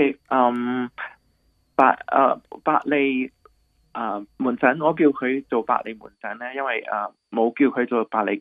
嗯，okay, um, 百誒、uh, 百利誒、uh, 門診，我叫佢做百利門診咧，因為誒冇、uh, 叫佢做百利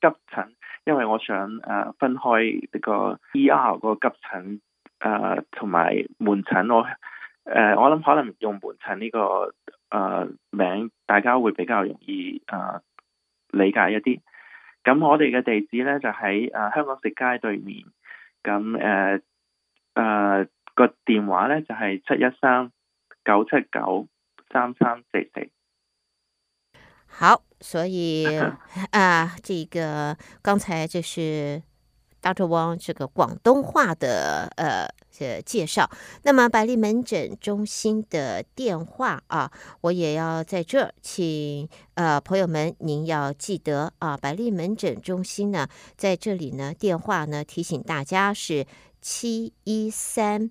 急診，因為我想誒、uh, 分開呢個 E.R. 嗰個急診誒同埋門診，我誒、uh, 我諗可能用門診呢、這個誒、uh, 名，大家會比較容易誒、uh, 理解一啲。咁我哋嘅地址咧就喺誒、uh, 香港食街對面。咁誒誒。Uh, uh, 個電話咧就係七一三九七九三三四四。好，所以 啊，這個剛才就是 Doctor Wong 這個廣東話的，呃，這介紹。那麼百利門診中心的電話啊，我也要在這兒，請，呃、啊，朋友們，您要記得啊，百利門診中心呢，在這裏呢，電話呢提醒大家是七一三。